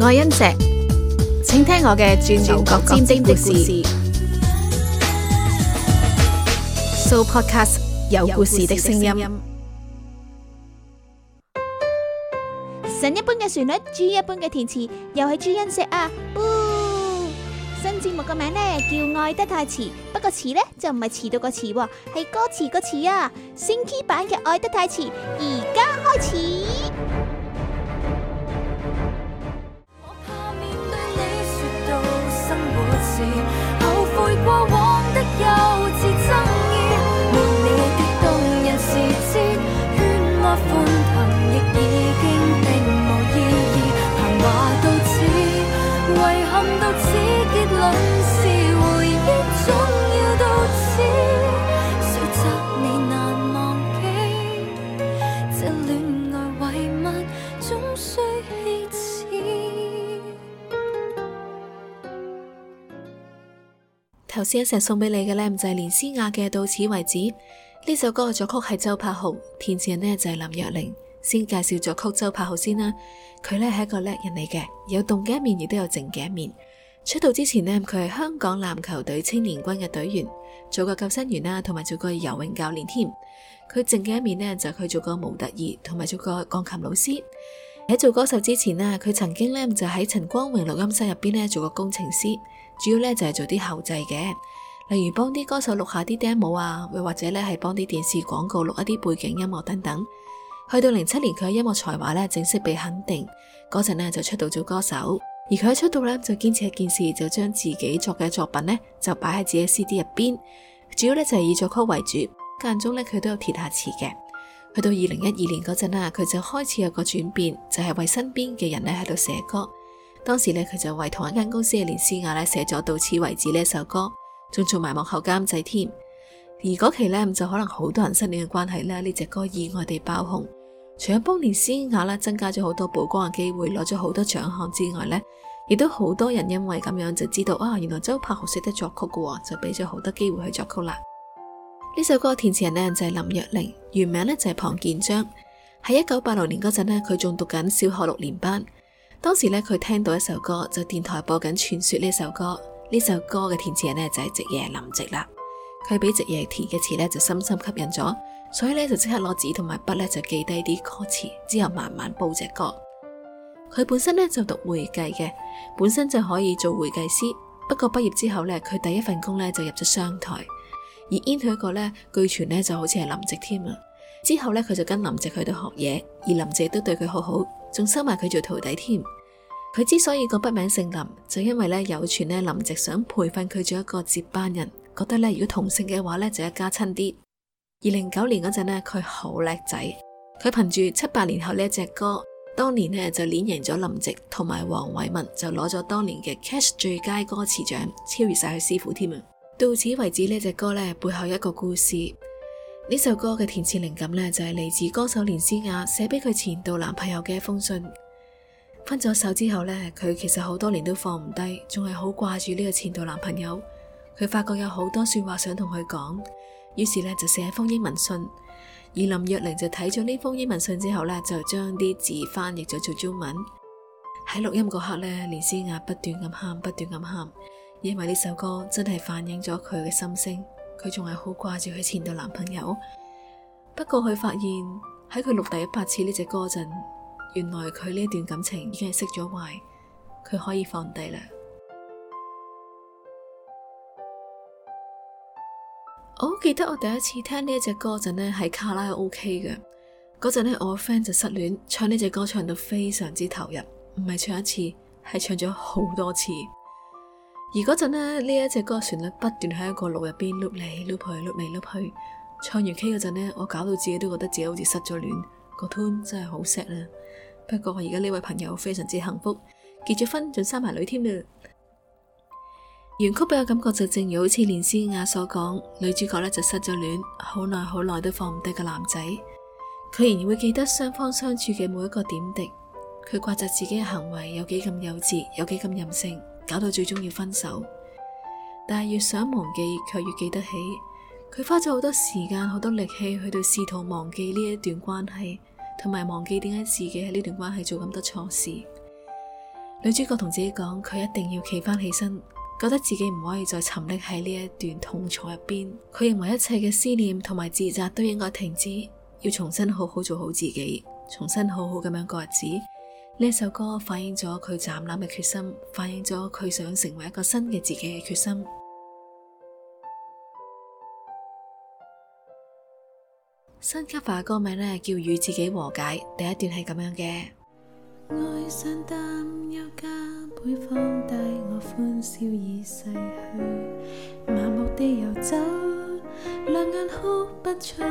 愛恩石，請聽我嘅轉轉角尖尖的故事。So podcast 有故事的聲音。神一般嘅旋律，G 一般嘅填詞，又係朱恩石啊！新節目個名呢，叫愛得太遲，不過詞呢，就唔係遲到個遲，係歌詞個詞啊！升 Key 版嘅愛得太遲，而家開始。過往的憂。頭先一齊送俾你嘅咧，就係、是、連思雅嘅到此為止呢首歌嘅作曲係周柏豪，填詞人呢就係、是、林若寧。先介紹作曲周柏豪先啦，佢呢係一個叻人嚟嘅，有動嘅一面，亦都有靜嘅一面。出道之前呢，佢係香港籃球隊青年軍嘅隊員，做過救生員啊，同埋做過游泳教練添。佢靜嘅一面呢，就去、是、做過模特兒，同埋做過鋼琴老師。喺做歌手之前呢，佢曾經呢，就喺陳光榮錄音室入邊呢做過工程師。主要咧就係做啲後製嘅，例如幫啲歌手錄下啲 demo 啊，又或者咧係幫啲電視廣告錄一啲背景音樂等等。去到零七年，佢嘅音樂才華咧正式被肯定，嗰陣咧就出道做歌手。而佢喺出道咧就堅持一件事，就將自己作嘅作品咧就擺喺自己 CD 入邊。主要咧就係以作曲為主，間中咧佢都有填下詞嘅。去到二零一二年嗰陣啊，佢就開始有個轉變，就係為身邊嘅人咧喺度寫歌。當時咧，佢就為同一間公司嘅連詩雅咧寫咗《到此為止》呢一首歌，仲做埋幕後監製添。而嗰期咧，就可能好多人失戀嘅關係咧，呢隻歌意外地爆紅。除咗幫連詩雅啦增加咗好多曝光嘅機會，攞咗好多獎項之外咧，亦都好多人因為咁樣就知道啊，原來周柏豪識得作曲嘅，就俾咗好多機會去作曲啦。呢 首歌嘅填詞人呢，就係、是、林若寧，原名咧就係、是、龐建章。喺一九八六年嗰陣呢，佢仲讀緊小學六年班。當時咧，佢聽到一首歌，就電台播緊《傳說》呢首歌。呢首歌嘅填詞人呢，就係、是、夕爺林夕啦。佢俾夕爺填嘅詞咧就深深吸引咗，所以咧就即刻攞紙同埋筆咧就記低啲歌詞，之後慢慢煲隻歌。佢本身咧就讀會計嘅，本身就可以做會計師。不過畢業之後咧，佢第一份工咧就入咗商台。而 interview 佢個咧，據傳咧就好似係林夕添啊。之後咧，佢就跟林夕去到學嘢，而林夕都對佢好好，仲收埋佢做徒弟添。佢之所以個筆名姓林，就因為咧有傳咧林夕想培訓佢做一個接班人，覺得咧如果同姓嘅話咧就一家親啲。而零九年嗰陣咧，佢好叻仔，佢憑住七八年後呢一隻歌，當年咧就連贏咗林夕同埋黃偉文，就攞咗當年嘅 Cash 最佳歌詞獎，超越晒佢師傅添啊！到此為止呢一隻歌咧背後一個故事。呢首歌嘅填詞靈感呢，就係嚟自歌手連詩雅寫俾佢前度男朋友嘅一封信。分咗手之後呢，佢其實好多年都放唔低，仲係好掛住呢個前度男朋友。佢發覺有好多說話想同佢講，於是呢，就寫一封英文信。而林若寧就睇咗呢封英文信之後呢，就將啲字翻譯咗做中文。喺錄音嗰刻呢，連詩雅不斷咁喊，不斷咁喊，因為呢首歌真係反映咗佢嘅心聲。佢仲係好掛住佢前度男朋友，不過佢發現喺佢錄第一百次呢隻歌陣，原來佢呢段感情已經係釋咗懷，佢可以放低啦。我好、 oh, 記得我第一次聽呢隻歌陣呢係卡拉 O K 嘅，嗰陣呢，我個 friend 就失戀，唱呢隻歌唱到非常之投入，唔係唱一次，係唱咗好多次。而嗰陣呢，呢一隻歌旋律不斷喺一個路入邊碌嚟、碌去、碌嚟、碌去。唱完 K 嗰陣呢，我搞到自己都覺得自己好似失咗戀，個 tone 真係好 sad 啦。不過我而家呢位朋友非常之幸福，結咗婚仲生埋女添啦。原曲俾我感覺就正如好似連詩雅所講，女主角呢就失咗戀，好耐好耐都放唔低個男仔。佢仍然會記得雙方相處嘅每一個點滴，佢怪責自己嘅行為有幾咁幼稚，有幾咁任性。搞到最終要分手，但係越想忘記，越卻越記得起。佢花咗好多時間、好多力氣去到試圖忘記呢一段關係，同埋忘記點解自己喺呢段關係做咁多錯事。女主角同自己講，佢一定要企返起身，覺得自己唔可以再沉溺喺呢一段痛楚入邊。佢認為一切嘅思念同埋自責都應該停止，要重新好好做好自己，重新好好咁樣過日子。呢首歌反映咗佢斬纜嘅決心，反映咗佢想成為一個新嘅自己嘅決心。新 cover 嘅歌名呢，叫《與自己和解》，第一段係咁樣嘅。愛上加倍放我歡笑，已逝去。地遊走，兩眼哭不出」。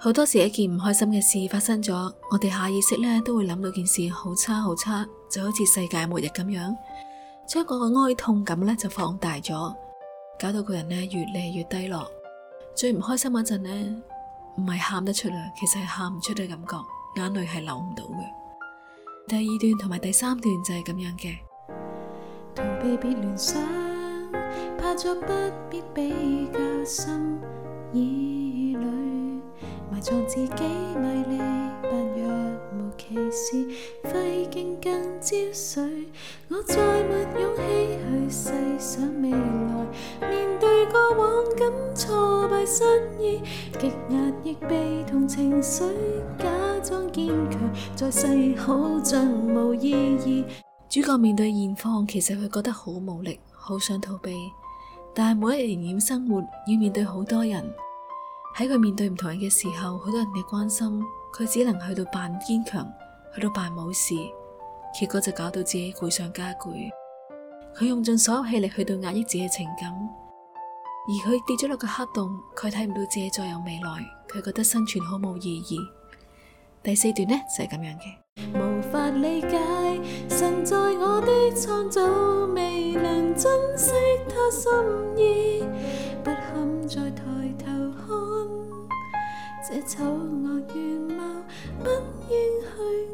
好多時一件唔開心嘅事發生咗，我哋下意識呢都會諗到件事好差好差，就好似世界末日咁樣，將嗰個哀痛感呢，就放大咗，搞到個人呢越嚟越低落。最唔開心嗰陣呢，唔係喊得出嚟，其實係喊唔出嘅感覺，眼淚係流唔到嘅。第二段同埋第三段就係咁樣嘅。同聯想，怕咗不必比埋藏自己迷，賣力但若無其事，費勁更招水。我再沒勇氣去細想未來，面對過往感挫敗失意，極壓抑悲同情緒，假裝堅強，再世好像無意義。主角面對現況，其實佢覺得好無力，好想逃避，但係每一年仍然生活要面對好多人。喺佢面對唔同人嘅時候，好多人嘅關心，佢只能去到扮堅強，去到扮冇事，結果就搞到自己攰上加攰。佢用盡所有氣力去到壓抑自己嘅情感，而佢跌咗落個黑洞，佢睇唔到自己再有未來，佢覺得生存好冇意義。第四段呢就係、是、咁樣嘅。無法理解，神在我的創造未能珍惜他心意，不肯再這醜惡願望不應去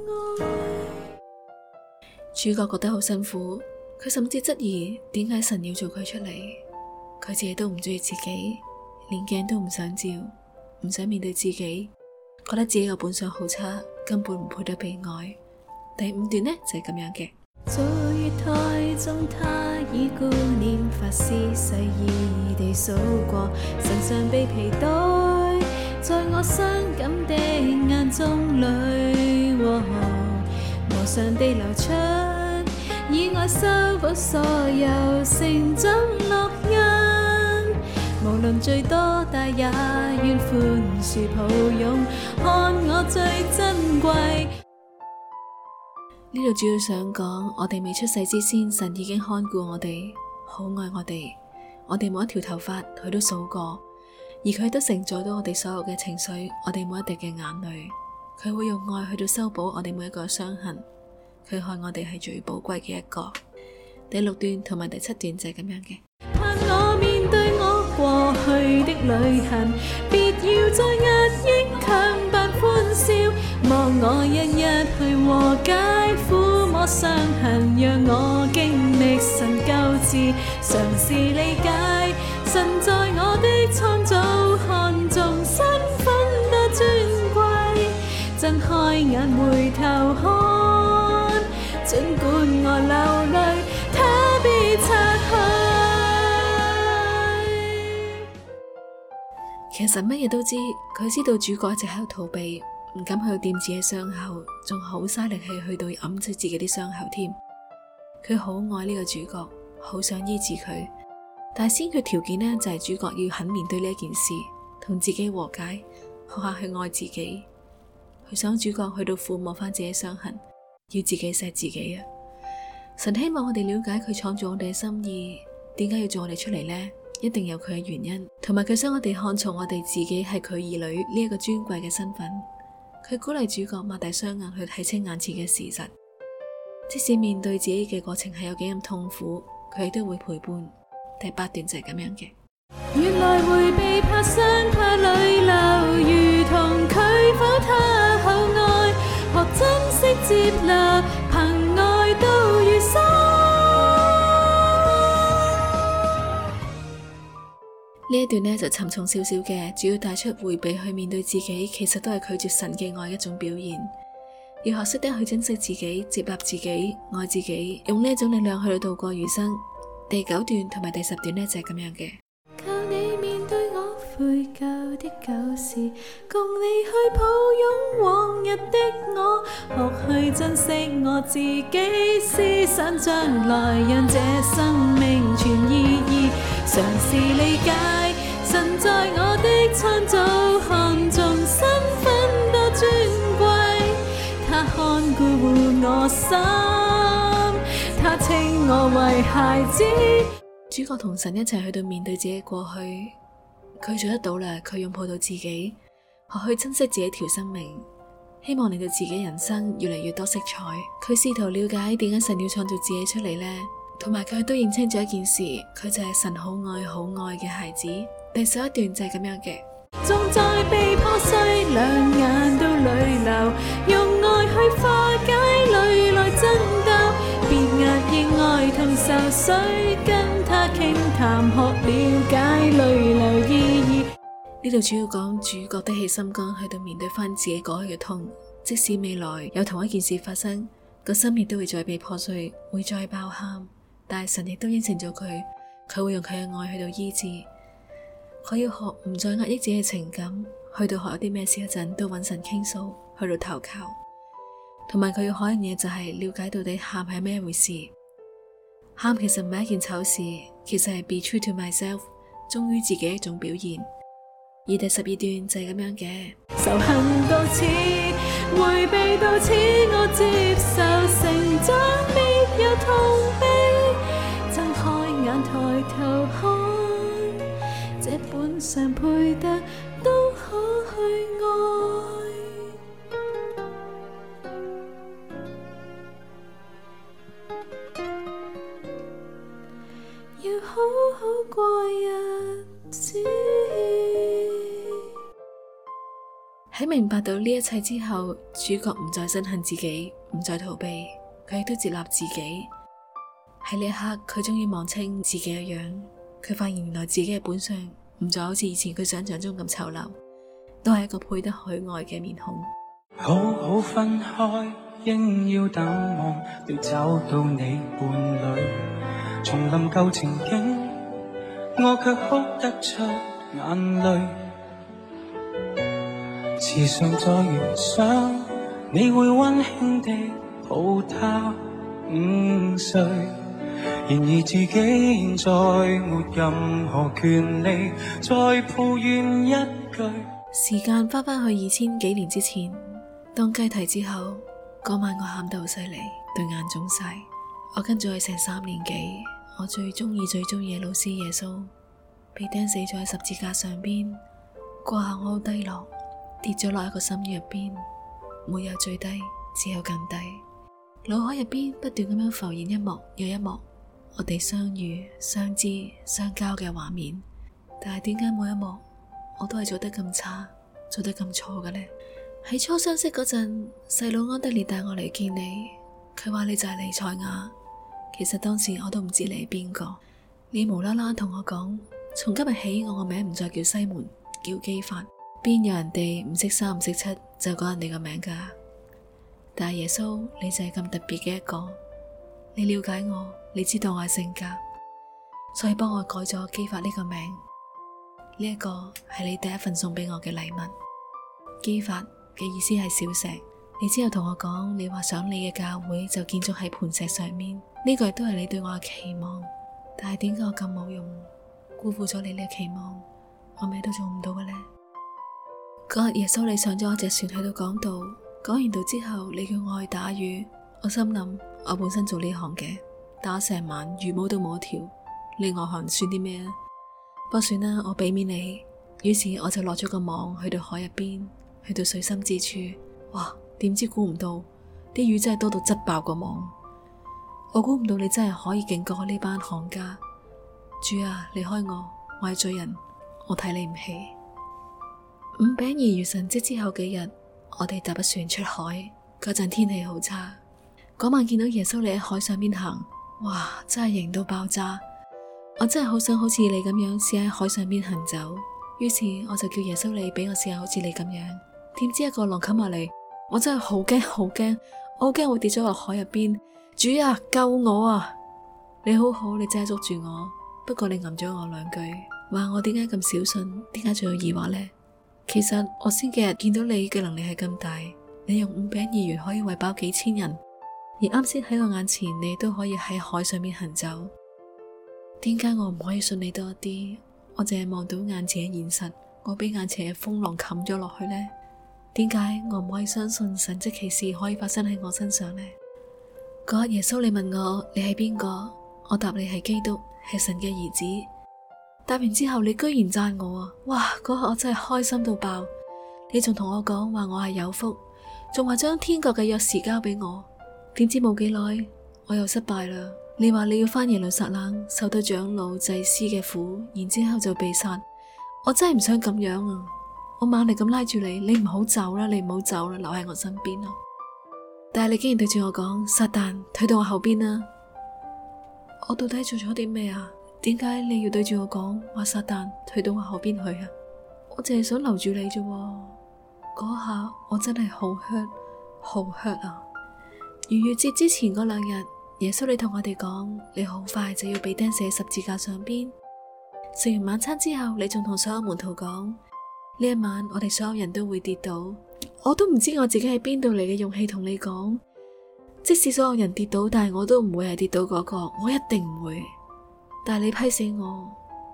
愛。主角覺得好辛苦，佢甚至質疑點解神要做佢出嚟，佢自己都唔中意自己，連鏡都唔想照，唔想面對自己，覺得自己嘅本相好差，根本唔配得被愛。第五段呢就係咁樣嘅。在我傷感的眼中裏和常地流出，以愛收穫所有成長烙印。無論最多大也願寬恕抱擁，看我最珍貴。呢度主要想講，我哋未出世之前，神已經看顧我哋，好愛我哋，我哋每一條頭髮，佢都數過。而佢都承載到我哋所有嘅情緒，我哋每一滴嘅眼淚，佢會用愛去到修補我哋每一個傷痕，佢看我哋係最寶貴嘅一個。第六段同埋第七段就係咁樣嘅。陪我面對我過去的旅行，別要再壓抑強扮歡笑，望我日日去和解，撫摸傷痕，讓我經歷神救治，嘗試理解神在我的創造睜開眼回頭看，儘管我流淚，他必擦去。其實乜嘢都知，佢知道主角一直喺度逃避，唔敢去掂自己傷口，仲好嘥力氣去到揞住自己啲傷口添。佢好愛呢個主角，好想醫治佢，但係先決條件呢，就係主角要肯面對呢一件事，同自己和解，學下去愛自己。想主角去到撫摸翻自己傷痕，要自己錫自己啊！神希望我哋了解佢創造我哋嘅心意，點解要做我哋出嚟咧？一定有佢嘅原因，同埋佢想我哋看重我哋自己係佢兒女呢一個尊貴嘅身份。佢鼓勵主角擘大雙眼去睇清眼前嘅事實，即使面對自己嘅過程係有幾咁痛苦，佢都會陪伴。第八段就係咁樣嘅。接納、憑愛到餘生呢一段呢就沉重少少嘅，主要帶出回避去面對自己，其實都係拒絕神嘅愛一種表現。要學識得去珍惜自己、接納自己、愛自己，用呢一種力量去度過餘生。第九段同埋第十段呢，就係咁樣嘅。舊時共你去抱擁往日的我，學去珍惜我自己。思想將來讓這生命存意義，嘗試理解神在我的創造，看盡身份多尊貴，他看顧護我心，他稱我為孩子。主角同神一齊去到面對自己過去。佢做得到啦！佢擁抱到自己，學去珍惜自己一條生命，希望令到自己人生越嚟越多色彩。佢試圖了解點解神要創造自己出嚟呢？同埋佢都認清咗一件事，佢就係神好愛好愛嘅孩子。第十一段就係咁樣嘅。傾談，學了解淚流意義。呢度主要講主角的起心肝去到面對翻自己過去嘅痛，即使未來有同一件事發生，個心亦都會再被破碎，會再爆喊。但係神亦都應承咗佢，佢會用佢嘅愛去到醫治。佢要學唔再壓抑自己嘅情感，去到學有啲咩事一陣都揾神傾訴，去到投靠。同埋佢要學嘅嘢就係了解到底喊係咩回事。喊其實唔係一件醜事，其實係 be true to myself 忠於自己一種表現。而第十二段就係咁樣嘅。仇恨到此，回避到此，我接受成長必有痛悲。」睜開眼，抬頭看，這本相配得都可去愛。喺 明白到呢一切之後，主角唔再憎恨自己，唔再逃避，佢亦都接納自己。喺呢一刻，佢終於望清自己嘅樣，佢發現原來自己嘅本相唔再好似以前佢想象中咁醜陋，都係一個配得佢愛嘅面孔。好好分開，應要等忘，未找到你伴侶，重臨舊情景。我卻哭得出眼淚，時常在幻想你會溫馨的抱他午睡，然而自己現在沒任何權利，再抱怨一句。時間翻返去二千幾年之前，當雞啼之後，嗰晚我喊得好犀利，對眼腫晒，我跟咗佢成三年幾。我最中意最中意嘅老師耶穌，被釘死咗喺十字架上邊。嗰下我好低落，跌咗落一個深淵入邊，沒有最低，只有更低。腦海入邊不斷咁樣浮現一幕又一幕，我哋相遇、相知、相交嘅畫面。但係點解每一幕我都係做得咁差，做得咁錯嘅呢？喺初相識嗰陣，細佬安德烈帶我嚟見你，佢話你就係彌賽亞。其實當時我都唔知你係邊個，你無啦啦同我講，從今日起我個名唔再叫西門，叫基法。邊有人哋唔識三唔識七，就講人哋個名㗎？但係耶穌你就係咁特別嘅一個，你了解我，你知道我性格，所以幫我改咗基法呢個名。呢一個係你第一份送俾我嘅禮物。基法嘅意思係小石。你之後同我講，你話想你嘅教會就建造喺磐石上面，呢個亦都係你對我嘅期望。但係點解我咁冇用，辜負咗你嘅期望？我咩都做唔到嘅呢。嗰日耶穌你上咗我隻船去到講道，講完道，道之後，你叫我去打魚，我心諗我本身做呢行嘅，打成晚魚毛都冇一條，另外行算啲咩啊？不算啦，我俾面你。於是我就落咗個網去到海入邊，去到水深之處，哇！點知估唔到啲魚真係多到質爆個網。我估唔到你真係可以警告呢班行家。主啊，離開我，我係罪人，我睇你唔起。五餅二魚神蹟之後幾日，我哋搭船出海嗰陣，天氣好差。嗰晚見到耶穌你喺海上邊行，哇，真係型到爆炸。我真係好想好似你咁樣，試喺海上邊行走。於是我就叫耶穌你俾我試下，好似你咁樣。點知一個浪冚埋嚟。我真係好驚，好驚，我好驚會跌咗落海入邊。主啊，救我啊！你好好，你真係捉住我。不過你吟咗我兩句，話我點解咁小信，點解仲有疑惑呢？其實我先幾日見到你嘅能力係咁大，你用五餅二魚可以餵飽幾千人，而啱先喺我眼前，你都可以喺海上面行走。點解我唔可以信你多啲？我淨係望到眼前嘅現實，我俾眼前嘅風浪冚咗落去呢？點解我唔可以相信神蹟奇事可以發生喺我身上呢？嗰日耶穌你問我你係邊個，我答你係基督，係神嘅兒子。答完之後你居然讚我啊！哇，嗰刻我真係開心到爆。你仲同我講話我係有福，仲話將天國嘅鑰匙交俾我。點知冇幾耐我又失敗啦。你話你要返耶路撒冷，受到長老祭司嘅苦，然之後就被殺。我真係唔想咁樣啊！我猛力咁拉住你，你唔好走啦，你唔好走啦，留喺我身邊啦。但係你竟然對住我講，撒旦退到我後邊啦。我到底做咗啲咩啊？點解你要對住我講，話撒旦退到我後邊去啊？我淨係想留住你啫。嗰下我真係好 hurt，好 hurt 啊！逾越節之前嗰兩日，耶穌你同我哋講，你好快就要被釘死喺十字架上邊。食完晚餐之後，你仲同所有門徒講。呢一晚，我哋所有人都會跌倒，我都唔知我自己喺邊度嚟嘅勇氣同你講。即使所有人跌倒，但係我都唔會係跌倒嗰個，我一定唔會。但係你批死我，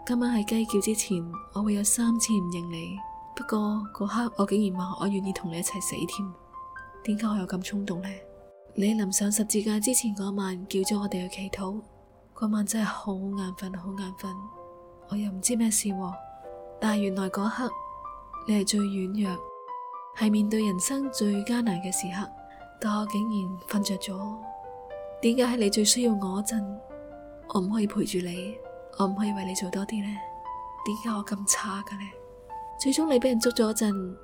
今晚喺雞叫之前，我會有三次唔認你。不過嗰刻我竟然話我願意同你一齊死添，點解我有咁衝動呢？你臨上十字架之前嗰晚叫咗我哋去祈禱，嗰晚真係好眼瞓，好眼瞓，我又唔知咩事喎，但係原來嗰刻。你係最軟弱，係面對人生最艱難嘅時刻，但我竟然瞓着咗。點解喺你最需要我嗰陣，我唔可以陪住你？我唔可以為你做多啲呢？點解我咁差嘅呢？最終你俾人捉咗嗰陣，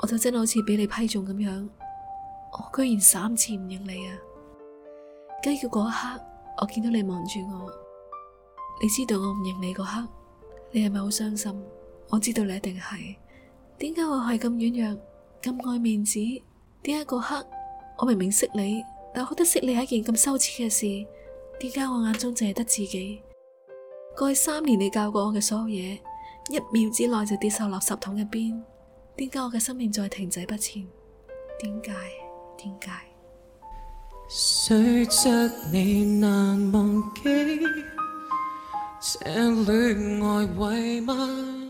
我就真係好似俾你批中咁樣，我居然三次唔認你啊！雞叫嗰一刻，我見到你望住我，你知道我唔認你嗰刻，你係咪好傷心？我知道你一定係。點解我係咁軟弱咁愛面子？點解嗰刻我明明識你，但我覺得識你係一件咁羞恥嘅事？點解我眼中淨係得自己？過去三年你教過我嘅所有嘢，一秒之內就跌晒垃圾桶入邊。點解我嘅生命再停滯不前？點解？點解？雖則你難忘記，這戀愛為乜？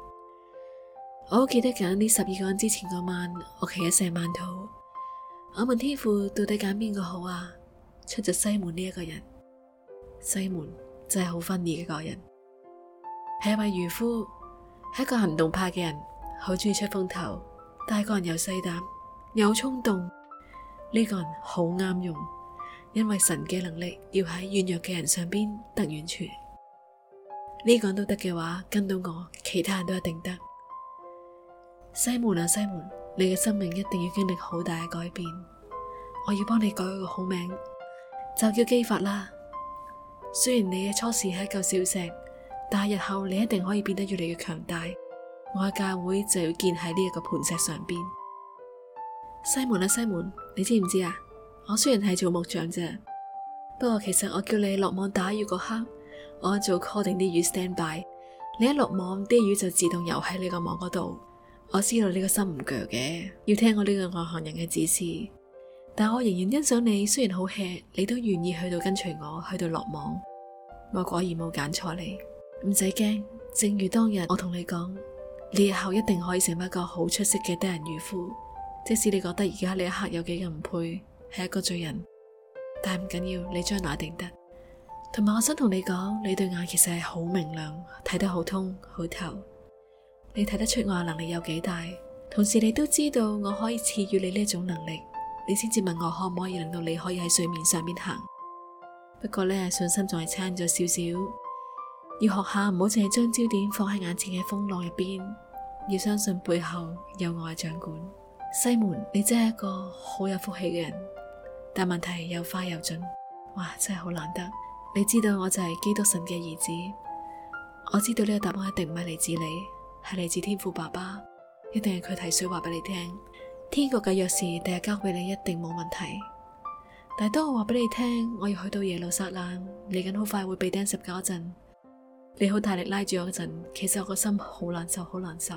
我好記得揀呢十二個人之前嗰晚，我企喺石曼土，我問天父到底揀邊個好啊？出咗西門呢一個人，西門真係好分裂嘅一個人，係一位漁夫，係一個行動派嘅人，好中意出風頭，但係個人又細膽，又衝動，呢、這個人好啱用，因為神嘅能力要喺軟弱嘅人上邊得完全，呢、這個人都得嘅話，跟到我，其他人都一定得。西門啊，西門，你嘅生命一定要經歷好大嘅改變。我要幫你改一個好名，就叫基法啦。雖然你嘅初時係一嚿小石，但係日後你一定可以變得越嚟越強大。我嘅教會就要建喺呢一個磐石上邊。西門啊，西門，你知唔知啊？我雖然係做木匠啫，不過其實我叫你落網打魚嗰刻，我做 call 定啲魚 stand by。你一落網，啲魚就自動游喺你個網嗰度。我知道你個心唔鋸嘅，要聽我呢個外行人嘅指示，但我仍然欣賞你。雖然好吃，你都願意去到跟隨我，去到落網。我果然冇揀錯你，唔使驚。正如當日我同你講，你日後一定可以成為一個好出色嘅釣人漁夫。即使你覺得而家呢一刻有幾人唔配，係一個罪人，但係唔緊要，你將來定得。同埋，我想同你講，你對眼其實係好明亮，睇得好通好透。你睇得出我嘅能力有幾大，同時你都知道我可以賜予你呢種能力，你先至問我可唔可以令到你可以喺水面上邊行。不過呢，信心仲係差咗少少，要學下唔好淨係將焦點放喺眼前嘅風浪入邊，要相信背後有我嘅掌管。西門，你真係一個好有福氣嘅人，但問題又快又準，哇，真係好難得。你知道我就係基督神嘅兒子，我知道呢個答案一定唔係嚟自你。係嚟自天父爸爸，一定係佢提水話俾你聽，天國嘅鑰匙第日交俾你一定冇問題。但係當我話俾你聽，我要去到耶路撒冷，嚟緊好快會被釘十字架嗰陣，你好大力拉住我嗰陣，其實我個心好難受，好難受。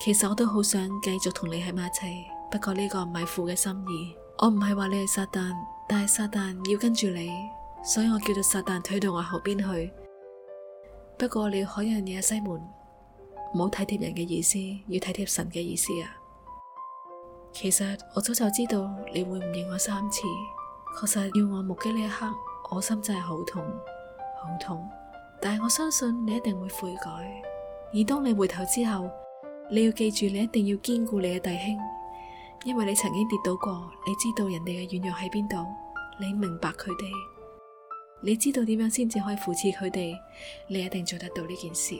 其實我都好想繼續同你喺埋一齊，不過呢個唔係父嘅心意。我唔係話你係撒旦，但係撒旦要跟住你，所以我叫到撒旦退到我後邊去。不過你要學一樣嘢，西門。唔好體貼人嘅意思，要體貼神嘅意思啊！其實我早就知道你會唔認我三次，確實要我目擊呢一刻，我心真係好痛，好痛。但係我相信你一定會悔改，而當你回頭之後，你要記住，你一定要堅固你嘅弟兄，因為你曾經跌倒過，你知道人哋嘅軟弱喺邊度，你明白佢哋，你知道點樣先至可以扶持佢哋，你一定做得到呢件事。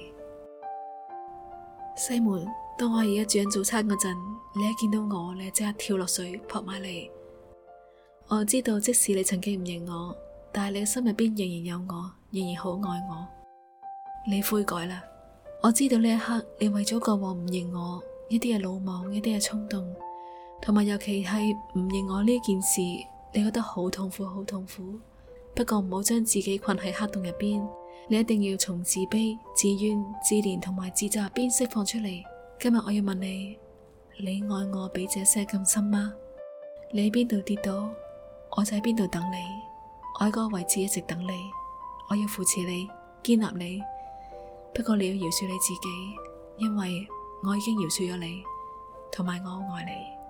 西門，當我而家煮緊早餐嗰陣，你一見到我，你即刻跳落水撲埋嚟。我知道，即使你曾經唔認我，但係你嘅心入邊仍然有我，仍然好愛我。你悔改啦！我知道呢一刻，你為咗過往唔認我，一啲嘢魯莽，一啲嘢衝動，同埋尤其係唔認我呢件事，你覺得好痛苦，好痛苦。不過唔好將自己困喺黑洞入邊。你一定要從自卑、自怨、自憐同埋自責入邊釋放出嚟。今日我要問你：你愛我比這些更深嗎？你喺邊度跌倒，我就喺邊度等你，我喺個位置一直等你。我要扶持你、建立你。不過你要饒恕你自己，因為我已經饒恕咗你，同埋我愛你。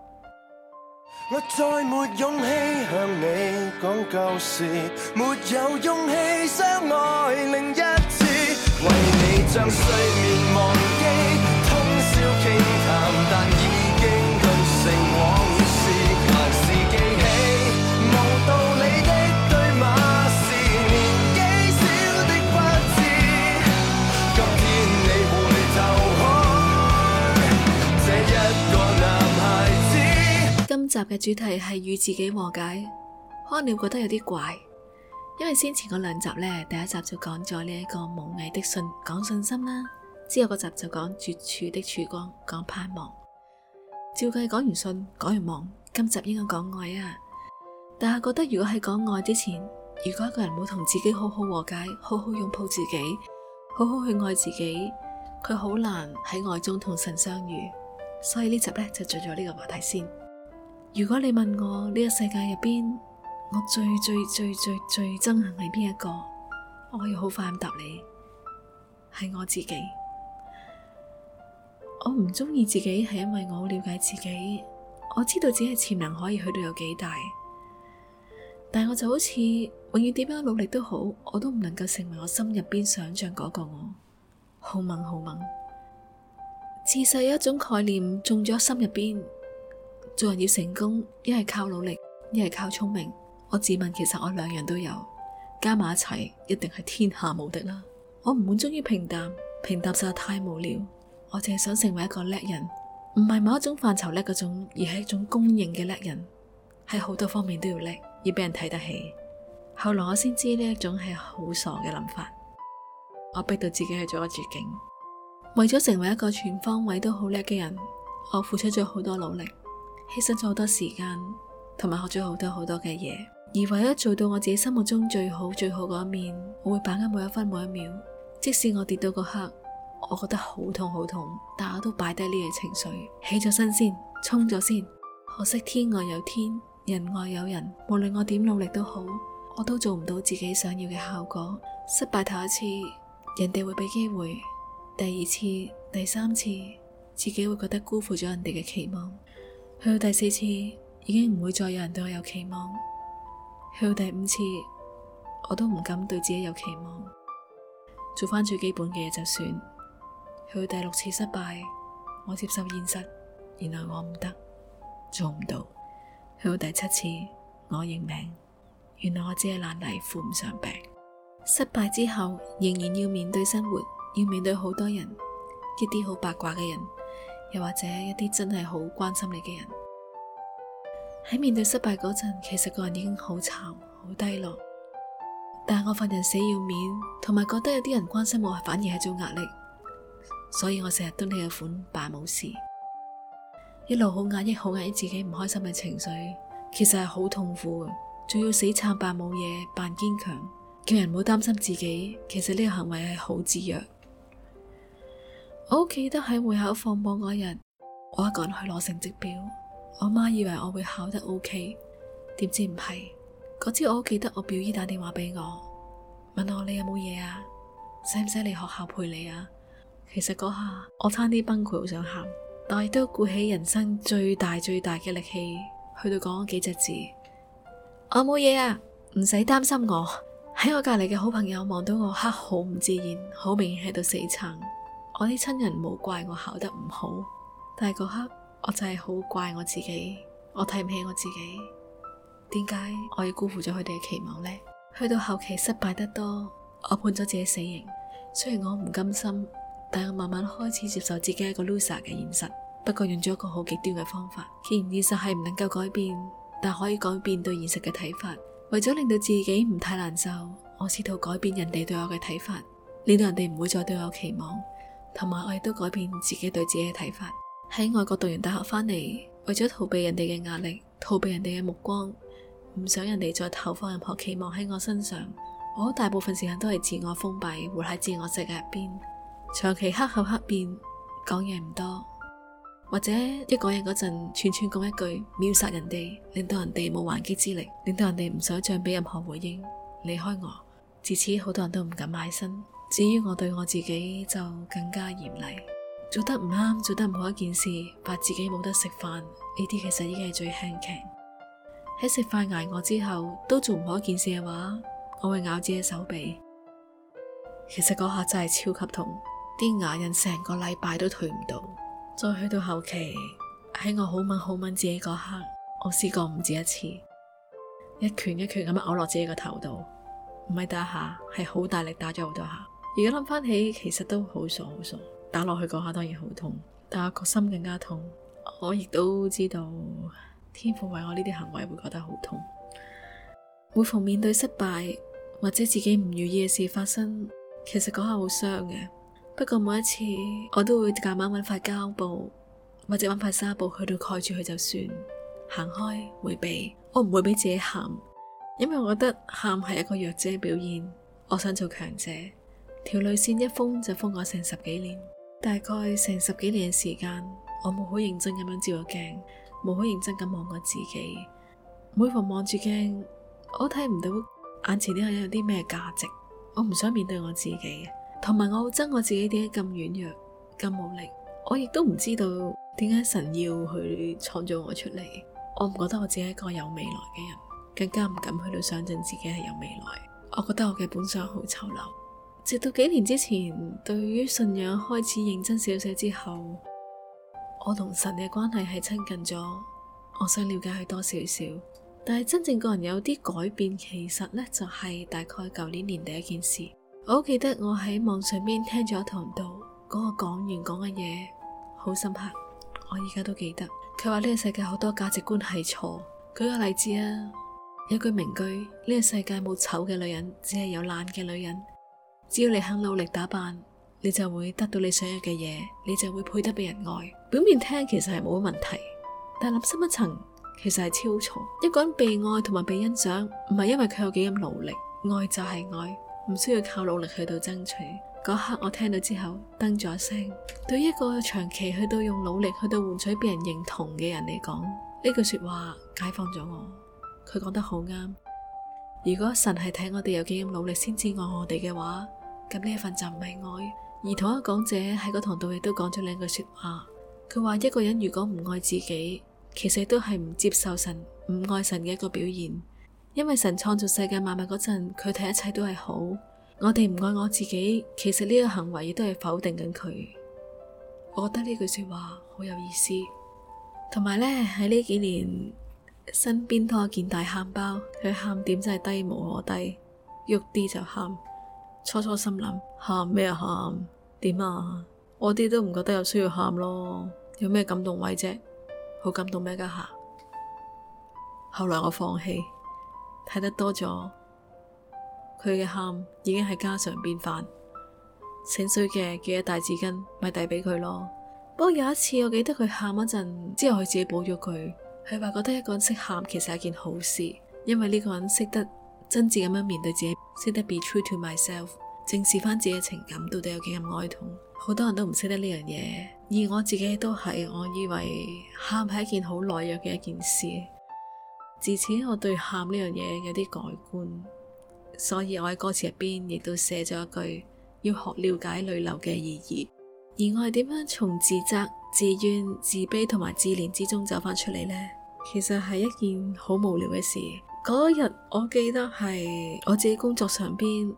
我再沒勇氣向你講舊事，沒有勇氣相愛另一次，為你將睡眠忘。嘅主題係與自己和解，可能你會覺得有啲怪，因為先前個兩集呢，第一集就講咗呢一個無畏的信，講信心啦，之後個集就講絕處的曙光，講盼望。照計講完信，講完望，今集應該講愛啊。但係覺得如果喺講愛之前，如果一個人冇同自己好好和解，好好擁抱自己，好好去愛自己，佢好難喺愛中同神相遇。所以呢集呢，就進咗呢個話題先。如果你問我呢個世界入邊，我最最最最最憎恨係邊一個，我可以好快咁答你，係我自己。我唔中意自己係因為我好了解自己，我知道自己潛能可以去到有幾大，但係我就好似永遠點樣努力都好，我都唔能夠成為我心入邊想象嗰個我，好猛好猛。自細有一種概念種咗心入邊。做人要成功，一係靠努力，一係靠聰明。我自問其實我兩樣都有，加埋一齊一定係天下無敵啦。我唔滿足於平淡，平淡實在太無聊。我淨係想成為一個叻人，唔係某一種範疇叻嗰種，而係一種公認嘅叻人，喺好多方面都要叻，要俾人睇得起。後來我先知呢一種係好傻嘅諗法，我逼到自己去做個絕境，為咗成為一個全方位都好叻嘅人，我付出咗好多努力。犧牲咗好多時間，同埋學咗好多好多嘅嘢。而唯一做到我自己心目中最好最好嗰一面，我會把握每一分每一秒。即使我跌到個刻，我覺得好痛好痛，但我都擺低呢個情緒，起咗身先，衝咗先。可惜天外有天，人外有人，無論我點努力都好，我都做唔到自己想要嘅效果。失敗頭一次，人哋會俾機會；第二次、第三次，自己會覺得辜負咗人哋嘅期望。去到第四次，已經唔會再有人對我有期望；去到第五次，我都唔敢對自己有期望，做翻最基本嘅嘢就算。去到第六次失敗，我接受現實，原來我唔得，做唔到。去到第七次，我認命，原來我只係爛泥扶唔上壁。失敗之後，仍然要面對生活，要面對好多人，一啲好八卦嘅人。又或者一啲真係好關心你嘅人，喺面對失敗嗰陣，其實個人已經好慘、好低落。但係我份人死要面，同埋覺得有啲人關心我反而係一種壓力，所以我成日蹲起一款扮冇事，一路好壓抑、好壓抑自己唔開心嘅情緒，其實係好痛苦嘅，仲要死撐扮冇嘢、扮堅強，叫人唔好擔心自己，其實呢個行為係好自虐。我好記得喺會考放榜嗰日，我一個人去攞成績表，我媽以為我會考得 OK，點知唔係。嗰次我好記得我表姨打電話俾我，問我，你有冇嘢啊？使唔使嚟學校陪你啊？其實嗰下我差啲崩潰，好想喊，但係都鼓起人生最大最大嘅力氣去到講咗幾隻字，我冇嘢啊，唔使擔心我。喺我隔籬嘅好朋友望到我黑好唔自然，好明顯喺度死撐。我啲親人冇怪我考得唔好，但係嗰刻我就係好怪我自己，我睇唔起我自己，點解我要辜負咗佢哋嘅期望呢？去到後期失敗得多，我判咗自己死刑。雖然我唔甘心，但我慢慢開始接受自己一個 loser 嘅現實。不過用咗一個好極端嘅方法，既然現實係唔能夠改變，但可以改變對現實嘅睇法。為咗令到自己唔太難受，我試圖改變人哋對我嘅睇法，令到人哋唔會再對我有期望。同埋，我亦都改變自己對自己嘅睇法。喺外國讀完大學返嚟，為咗逃避人哋嘅壓力，逃避人哋嘅目光，唔想人哋再投放任何期望喺我身上。我大部分時間都係自我封閉，活喺自我世界入邊，長期黑口黑面，講嘢唔多，或者一講嘢嗰陣串串噉一句秒殺人哋，令到人哋冇還擊之力，令到人哋唔想再俾任何回應離開我。自此，好多人都唔敢埋身。至於我對我自己就更加嚴厲，做得唔啱、做得唔好一件事，罰自己冇得食飯。呢啲其實已經係最輕嘅。喺食飯挨餓之後，都做唔好一件事嘅話，我會咬自己手臂。其實嗰下真係超級痛，啲牙印成個禮拜都退唔到。再去到後期，喺我好吻好吻自己嗰刻，我試過唔止一次，一拳一拳咁樣咬落自己個頭度，唔係打下，係好大力打咗好多下。而家諗返起，其實都好傻好傻。打落去嗰下當然好痛，但係個心更加痛。我亦都知道，天父為我呢啲行為會覺得好痛。每逢面對失敗或者自己唔如意嘅事發生，其實嗰下好傷嘅。不過每一次我都會夾硬搵塊膠布或者搵塊紗布去到蓋住佢就算，行開回避。我唔會俾自己喊，因為我覺得喊係一個弱者表現。我想做強者。條淚線一封就封我成十幾年，大概成十幾年嘅時間，我冇好認真咁樣照過鏡，冇好認真咁望過自己。每逢望住鏡，我睇唔到眼前呢個人有啲咩價值，我唔想面對我自己，同埋我好憎我自己點解咁軟弱、咁冇力。我亦都唔知道點解神要去創造我出嚟。我唔覺得我自己係一個有未來嘅人，更加唔敢去到想像自己係有未來。我覺得我嘅本相好醜陋。直到幾年之前，對於信仰開始認真少少之後，我同神嘅關係係親近咗。我想了解佢多少少，但係真正個人有啲改變，其實呢就係、是、大概舊年年底一件事。我好記得我喺網上面聽咗一堂道，嗰、那個講員講嘅嘢好深刻，我而家都記得。佢話呢個世界好多價值觀係錯，舉個例子啊，有句名句：呢、這個世界冇醜嘅女人，只係有懶嘅女人。只要你肯努力打扮，你就會得到你想要嘅嘢，你就會配得俾人愛。表面聽，其實係冇乜問題，但諗深一層，其實係超錯。一個人被愛同埋被欣賞，唔係因為佢有幾咁努力，愛就係愛，唔需要靠努力去到爭取。嗰刻我聽到之後，噔咗一聲。對於一個長期去到用努力去到換取別人認同嘅人嚟講，呢句說話解放咗我。佢講得好啱。如果神係睇我哋有幾咁努力先至愛我哋嘅話，咁呢一份就唔係愛，而同一個講者喺個堂度亦都講咗兩句說話。佢話一個人如果唔愛自己，其實都係唔接受神，唔愛神嘅一個表現。因為神創造世界萬物嗰陣，佢睇一切都係好。我哋唔愛我自己，其實呢個行為亦都係否定緊佢。我覺得呢句說話好有意思。同埋呢，喺呢幾年，身邊多一個大喊包，佢喊點真係低無可低，喐啲就喊。初初心諗，喊咩啊喊？點啊？我啲都唔覺得有需要喊咯，有咩感動位啫？好感動咩家下？後來我放棄，睇得多咗，佢嘅喊已經係家常便飯。醒水嘅記得帶紙巾，咪遞畀佢咯。不過有一次，我記得佢喊一陣之後，佢自己補咗佢。佢話覺得一個人識喊，其實係件好事，因為呢個人識得。真摯咁樣面對自己，識得 be true to myself，正視翻自己嘅情感到底有幾咁哀痛。好多人都唔識得呢樣嘢，而我自己都係。我以為喊係一件好懦弱嘅一件事。自此，我對喊呢樣嘢有啲改觀。所以我喺歌詞入邊，亦都寫咗一句：要學了解淚流嘅意義。而我係點樣從自責、自怨、自卑同埋自憐之中走翻出嚟？呢？其實係一件好無聊嘅事。嗰日我記得係我自己工作上邊，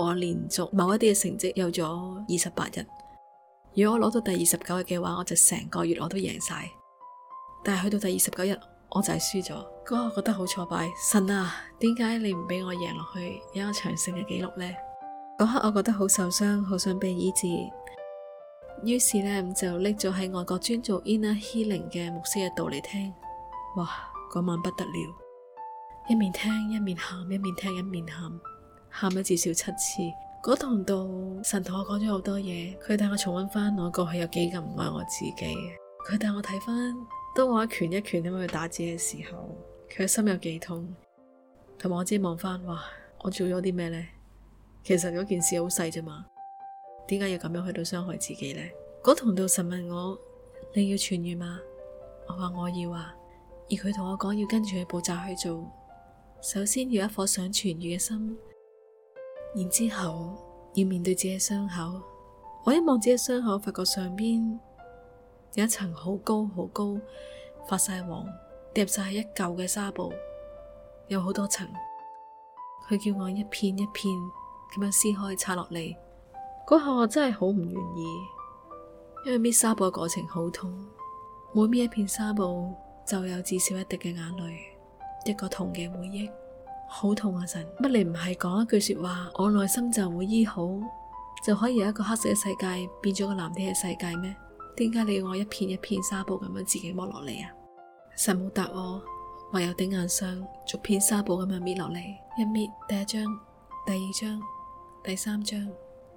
我連續某一啲嘅成績有咗二十八日。如果我攞到第二十九日嘅話，我就成個月我都贏晒。但係去到第二十九日，我就係輸咗，嗰日我覺得好挫敗。神啊，點解你唔俾我贏落去，有個長勝嘅記錄呢？嗰刻我覺得好受傷，好想被醫治。於是呢，就拎咗喺外國專做 inner healing 嘅牧師嘅道理聽，哇！嗰晚不得了。一面聽一面喊，一面聽一面喊，喊咗至少七次。嗰堂道神同我講咗好多嘢，佢帶我重溫翻我過去有幾咁唔愛我自己。佢帶我睇翻當我一拳一拳咁去打自己嘅時候，佢嘅心有幾痛。同埋我知望翻，哇！我做咗啲咩呢？其實嗰件事好細啫嘛，點解要咁樣去到傷害自己呢？嗰堂道神問我：你要痊癒嗎？我話我要啊。而佢同我講要跟住去步驟去做。首先要一顆想痊癒嘅心，然之後要面對自己嘅傷口。我一望自己嘅傷口，發覺上邊有一層好高好高，發晒黃、疊晒一舊嘅紗布，有好多層。佢叫我一片一片咁樣撕開、拆落嚟。嗰下我真係好唔願意，因為搣紗布嘅過程好痛，每搣一片紗布就有至少一滴嘅眼淚。一個痛嘅回憶，好痛啊！神，乜你唔係講一句說話，我內心就會醫好，就可以由一個黑色嘅世界變咗個藍天嘅世界咩？點解你要我一片一片紗布咁樣自己剝落嚟啊？神冇答我，唯有頂硬上逐片紗布咁樣搣落嚟，一搣第一張，第二張，第三張，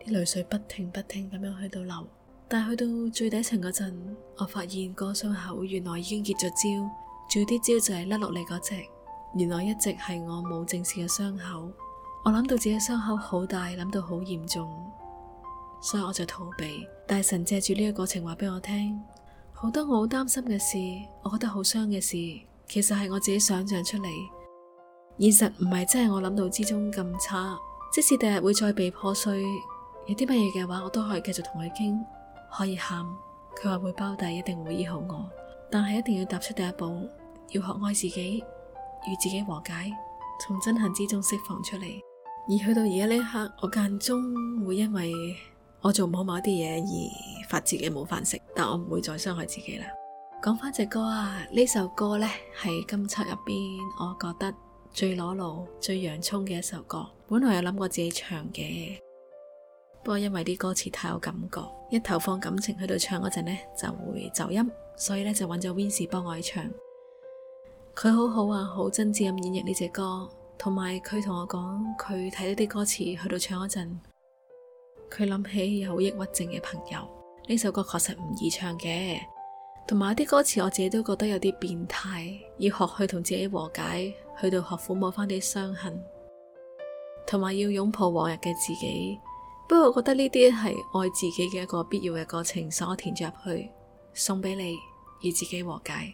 啲淚水不停不停咁樣去到流，但係去到最底層嗰陣，我發現個傷口原來已經結咗焦。住啲招就係甩落嚟嗰隻，原來一直係我冇正視嘅傷口。我諗到自己傷口好大，諗到好嚴重，所以我就逃避。大神借住呢一個過程話俾我聽，好多我好擔心嘅事，我覺得好傷嘅事，其實係我自己想象出嚟。現實唔係真係我諗到之中咁差，即使第日會再被破碎，有啲乜嘢嘅話，我都可以繼續同佢傾，可以喊。佢話會包底，一定會醫好我，但係一定要踏出第一步。要學愛自己，與自己和解，從憎恨之中釋放出嚟。而去到而家呢一刻，我間中會因為我做唔好某啲嘢，而罰自己冇飯食，但我唔會再傷害自己啦。講翻隻歌啊，呢首歌呢係今輯入邊，我覺得最裸露、最洋蔥嘅一首歌。本來有諗過自己唱嘅，不過因為啲歌詞太有感覺，一投放感情去到唱嗰陣呢，就會走音，所以咧就揾咗 Vince 幫我去唱。佢好好啊，好真摯咁演繹呢隻歌，同埋佢同我講，佢睇咗啲歌詞去到唱嗰陣，佢諗起有抑鬱症嘅朋友。呢首歌確實唔易唱嘅，同埋啲歌詞我自己都覺得有啲變態，要學去同自己和解，去到學撫摩翻啲傷痕，同埋要擁抱往日嘅自己。不過我覺得呢啲係愛自己嘅一個必要嘅過程，所填咗入去，送俾你，與自己和解。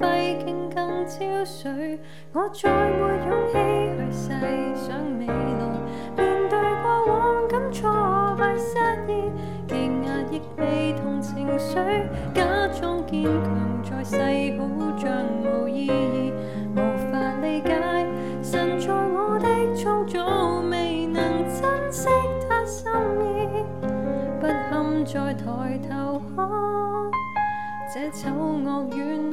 揮劍更招水，我再沒勇氣去細想未來，面對過往感挫敗失意，勁壓抑悲痛情緒，假裝堅強在世，好像無意義，無法理解神在我的創造未能珍惜他心意，不堪再抬頭看這醜惡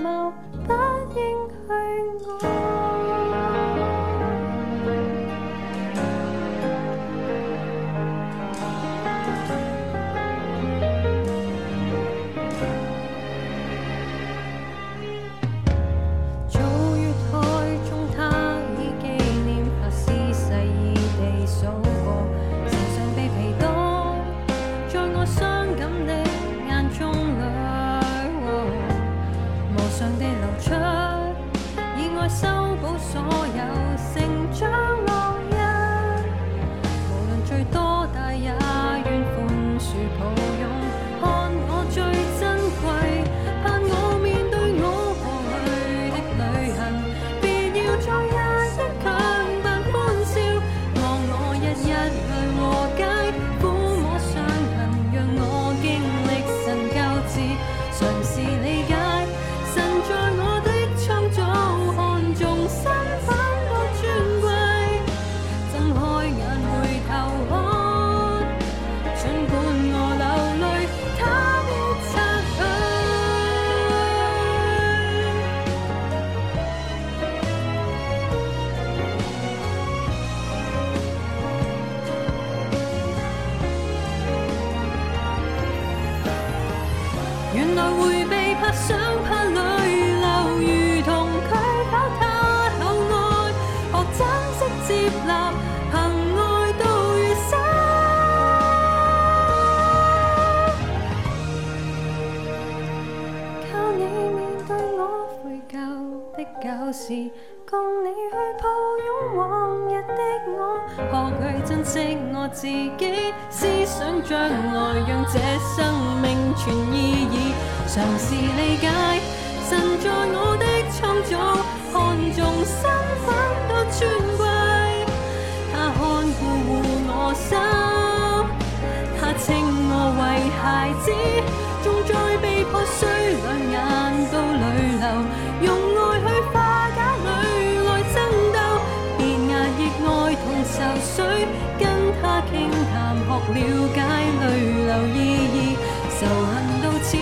了解淚流意義，仇恨到此，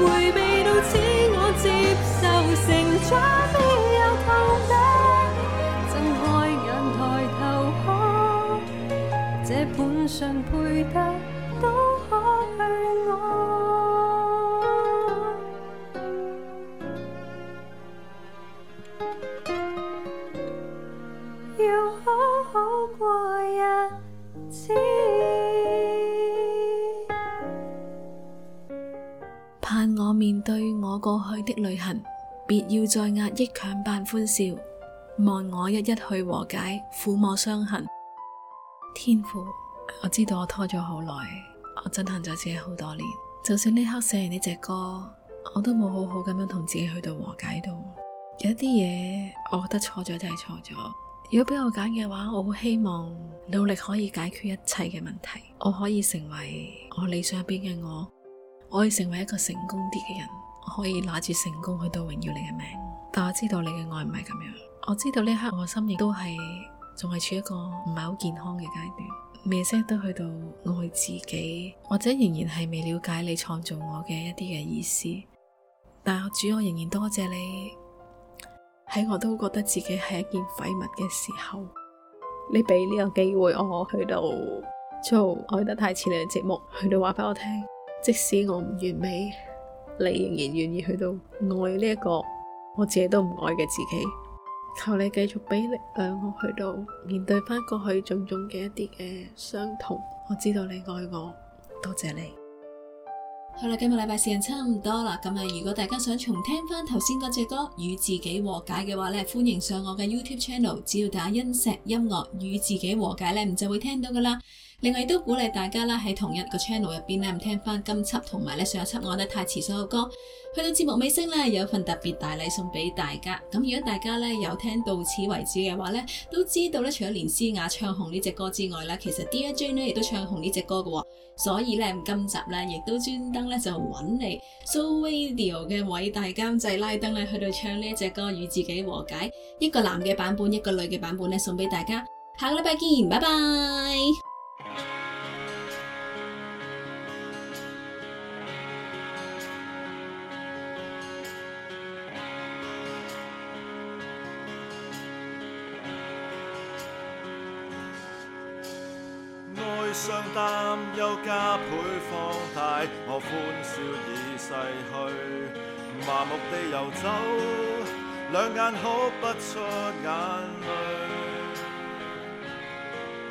回味到此，我接受成長。我面對我過去的旅行，別要再壓抑，強扮歡笑。望我一一去和解，撫摸傷痕。天父，我知道我拖咗好耐，我憎恨咗自己好多年。就算呢刻寫完呢隻歌，我都冇好好咁樣同自己去到和解度。有一啲嘢，我覺得錯咗就係錯咗。如果俾我揀嘅話，我好希望努力可以解決一切嘅問題，我可以成為我理想入邊嘅我。我可以成為一個成功啲嘅人，我可以拿住成功去到榮耀你嘅名。但我知道你嘅愛唔係咁樣，我知道呢刻我心亦都係仲係處於一個唔係好健康嘅階段，未識得去到愛自己，或者仍然係未了解你創造我嘅一啲嘅意思。但我主，我仍然多謝你喺我都覺得自己係一件廢物嘅時候，你俾呢個機會我去到做愛得太遲嘅節目，去到話翻我聽。即使我唔完美，你仍然願意去到愛呢一個我自己都唔愛嘅自己。求你繼續俾力量我去到面對翻過去種種嘅一啲嘅傷痛。我知道你愛我，多謝你。好啦，今日禮拜時間差唔多啦。咁啊，如果大家想重聽翻頭先嗰隻歌《與自己和解》嘅話呢，歡迎上我嘅 YouTube Channel，只要打欣石音樂《與自己和解》呢唔就會聽到噶啦。另外都鼓勵大家啦，喺同一個 channel 入邊咧，聽翻今輯同埋咧上一輯我哋太遲所嘅歌。去到節目尾聲咧，有份特別大禮送俾大家。咁如果大家咧有聽到此為止嘅話咧，都知道咧，除咗連詩雅唱紅呢隻歌之外啦，其實 DJ 咧亦都唱紅呢隻歌嘅。所以咧，今集咧亦都專登咧就揾嚟 Soul Radio 嘅偉大監製拉登咧，去到唱呢一隻歌與自己和解。一個男嘅版本，一個女嘅版本咧，送俾大家。下個禮拜見，拜拜。上擔憂加倍放大，我歡笑已逝去，麻木地遊走，兩眼哭不出眼淚。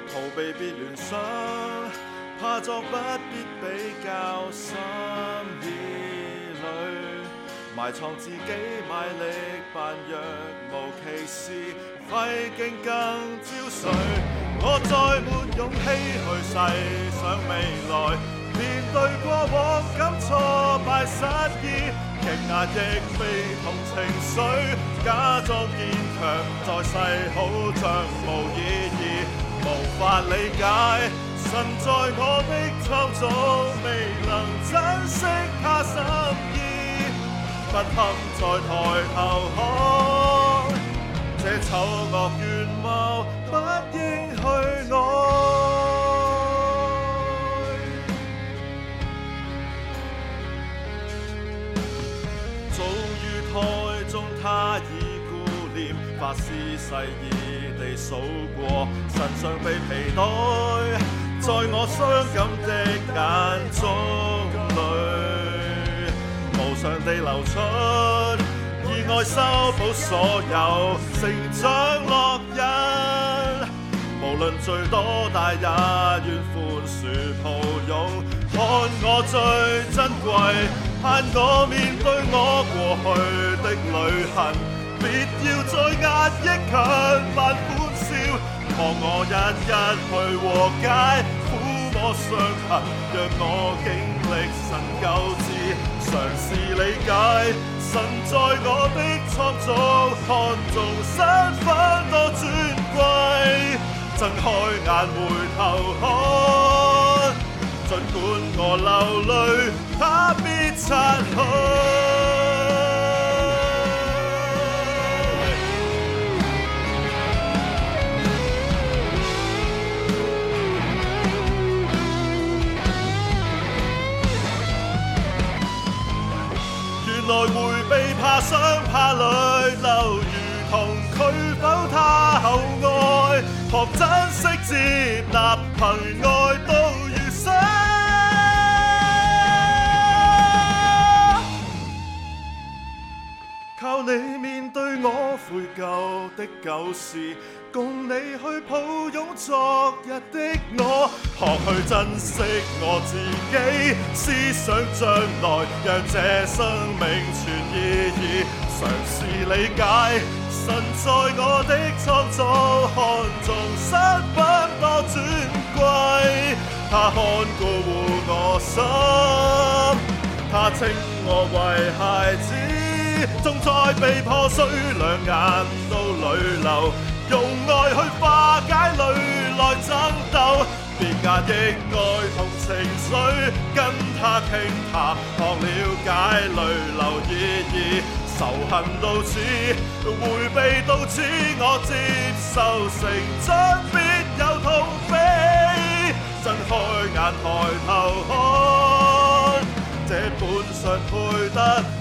逃避別聯想，怕作不必比較心已累，心意裏埋藏自己，賣力扮若無其事，費勁更焦水。我再沒勇氣去細想未來，面對過往感挫敗失意，極壓抑悲痛情緒，假裝堅強在世好像無意義，無法理解神在我的創造未能珍惜他心意，不肯再抬頭看這醜惡願望。絲細意地數過神像被皮袋，在我傷感的眼中裏無常地流出，以愛，修補所有成長烙印。無論罪多大，也願寬恕抱擁，看我最珍貴，盼我面對我過去的淚痕。別要再壓抑，強扮歡笑，望我一一去和解，撫摸傷痕，讓我經歷神救治，嘗試理解。神在我的創造，看做身份多尊貴，睜開眼回頭看，儘管我流淚，他必擦去。來回避，怕傷怕淚流，如同拒否他厚愛，學珍惜，接納憑愛到餘生，靠你。我悔疚的舊事，共你去抱擁昨日的我，學去珍惜我自己，思想將來讓這生命存意義，嘗試理解神在我的創造，看重失不奪尊貴，他看顧護我心，他稱我為孩子。縱再被破碎，兩眼都淚流，用愛去化解淚來爭鬥，別壓抑愛同情緒，跟他傾下。學了解淚流意義，仇恨到此，回避到此，我接受成長必有痛悲，睜開眼抬頭看，這本屬配得。